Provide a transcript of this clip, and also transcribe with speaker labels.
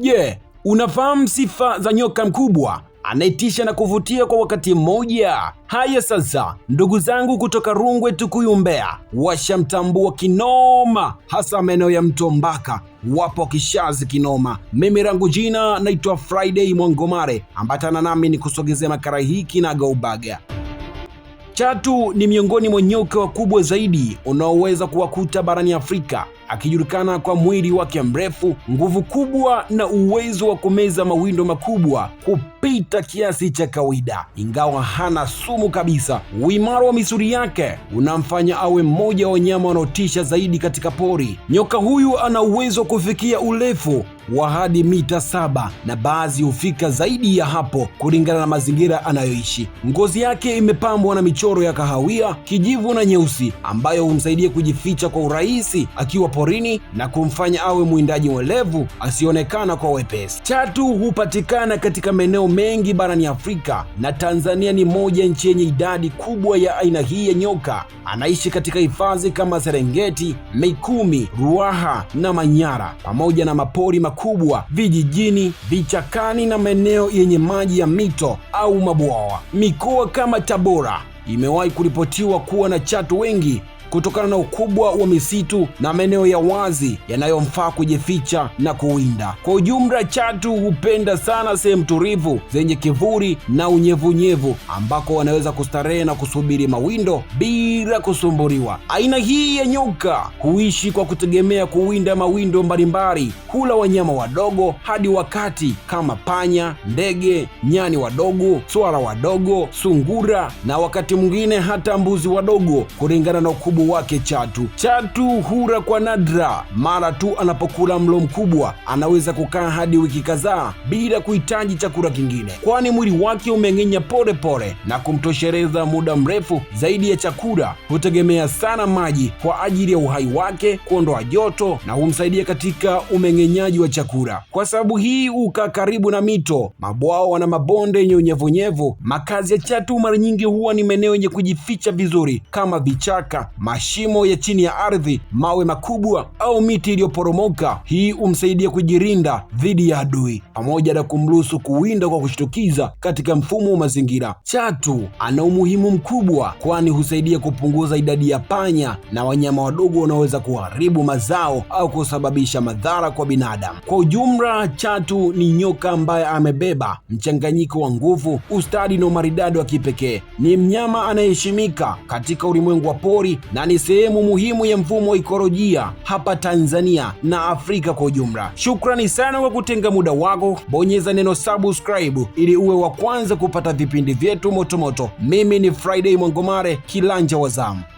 Speaker 1: Je, yeah, unafahamu sifa za nyoka mkubwa anayetisha na kuvutia kwa wakati mmoja? Haya sasa, ndugu zangu kutoka Rungwe, Tukuyu, Mbeya, washamtambua kinoma, hasa maeneo ya Mto Mbaka wapo kishazi kinoma. Mimi rangu jina naitwa Friday Mwangomare, ambatana nami ni kusogezea makara hiki na gaubaga. Chatu ni miongoni mwa nyoka wakubwa zaidi unaoweza kuwakuta barani Afrika, akijulikana kwa mwili wake mrefu, nguvu kubwa na uwezo wa kumeza mawindo makubwa kupita kiasi cha kawaida. Ingawa hana sumu kabisa, uimara wa misuli yake unamfanya awe mmoja wa wanyama wanaotisha zaidi katika pori. Nyoka huyu ana uwezo wa kufikia urefu wa hadi mita saba na baadhi hufika zaidi ya hapo kulingana na mazingira anayoishi. Ngozi yake imepambwa na michoro ya kahawia, kijivu na nyeusi ambayo humsaidia kujificha kwa urahisi akiwa porini na kumfanya awe mwindaji mwelevu asionekana kwa wepesi. Chatu hupatikana katika maeneo mengi barani Afrika na Tanzania ni moja nchi yenye idadi kubwa ya aina hii ya nyoka. Anaishi katika hifadhi kama Serengeti, Mikumi, Ruaha na Manyara pamoja na mapori makubwa vijijini, vichakani na maeneo yenye maji ya mito au mabwawa. Mikoa kama Tabora imewahi kuripotiwa kuwa na chatu wengi kutokana na ukubwa wa misitu na maeneo ya wazi yanayomfaa kujificha na kuwinda. Kwa ujumla, chatu hupenda sana sehemu tulivu zenye kivuli na unyevunyevu ambako wanaweza kustarehe na kusubiri mawindo bila kusumbuliwa. Aina hii ya nyoka huishi kwa kutegemea kuwinda mawindo mbalimbali, hula wanyama wadogo hadi wakati kama panya, ndege, nyani wadogo, swala wadogo, sungura na wakati mwingine hata mbuzi wadogo kulingana na ukubwa mkubwa wake chatu. Chatu hura kwa nadra, mara tu anapokula mlo mkubwa anaweza kukaa hadi wiki kadhaa bila kuhitaji chakula kingine, kwani mwili wake umeng'enya polepole na kumtoshereza muda mrefu zaidi ya chakula. Hutegemea sana maji kwa ajili ya uhai wake, kuondoa joto na humsaidia katika umeng'enyaji wa chakula. Kwa sababu hii hukaa karibu na mito, mabwawa na mabonde yenye unyevunyevu. Makazi ya chatu mara nyingi huwa ni maeneo yenye kujificha vizuri kama vichaka mashimo ya chini ya ardhi, mawe makubwa au miti iliyoporomoka. Hii humsaidia kujirinda dhidi ya adui pamoja na kumruhusu kuwinda kwa kushtukiza katika mfumo wa mazingira. Chatu ana umuhimu mkubwa, kwani husaidia kupunguza idadi ya panya na wanyama wadogo wanaoweza kuharibu mazao au kusababisha madhara kwa binadamu. Kwa ujumla, chatu ni nyoka ambaye amebeba mchanganyiko wa nguvu, ustadi na umaridadi wa kipekee. Ni mnyama anayeheshimika katika ulimwengu wa pori na na ni sehemu muhimu ya mfumo wa ikolojia hapa Tanzania na Afrika kwa ujumla. Shukrani sana kwa kutenga muda wako, bonyeza neno subscribe ili uwe wa kwanza kupata vipindi vyetu motomoto. Mimi ni Friday Mwangomare, Kilanja wa Zamu.